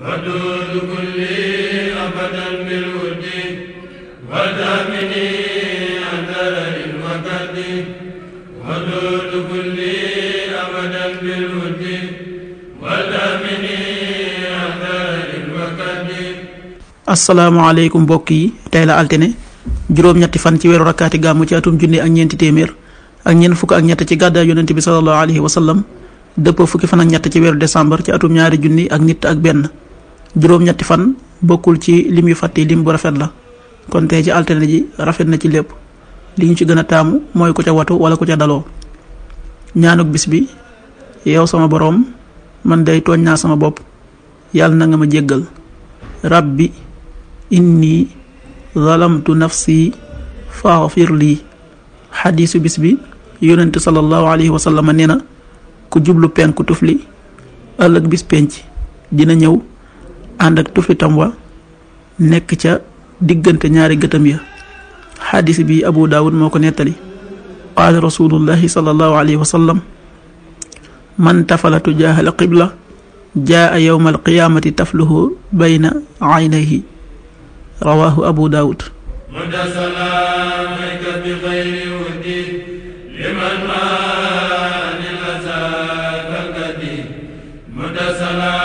ودود كلي أبدا بالود ودامني أثر الوقت ودود كلي أبدا بالود ودامني أثر الوقت asalaamaaleykum mbokk yi tey la altine juróom-ñetti fan ci weeru rakkaati gàmmu ci atum junne ak ñeenti téeméer ak ñeent fukk ak ñett ci gàddaay yonent bi sallallahu alayhi wa sallam dëppoo fukki fan ak ñett ci weeru décembre ci atum ñaari junni ak nit ak benn juróom-ñetti fan bokkul ci lim yu fàtte lim bu rafet la kon tey ci altine ji rafet na ci lépp li ñu ci gën a taamu mooy ku ca watu wala ku ca daloo ñaanuk bis bi yow sama boroom man day tooñ naa sama bopp yàlla na nga ma jéggal rabbi inni zalamtu nafsi faghfir lii xadiisu bis bi yonente sallallahu alayhi wa sallam nee na ku jublu penku tufli ëllëg bis penc dina ñëw ànd ak tufitam wa nekk ca diggante ñaari gëtam ya xaadis bi abu daawud moo ko nettali qaala rasulullahi sallallahu alayhi wa sallam man tafala tujaaha al qibla jaa yowma alqiyaamati tafluhu bayna aynayhi rawaahu abu daawud liman maa ni la saaka kadi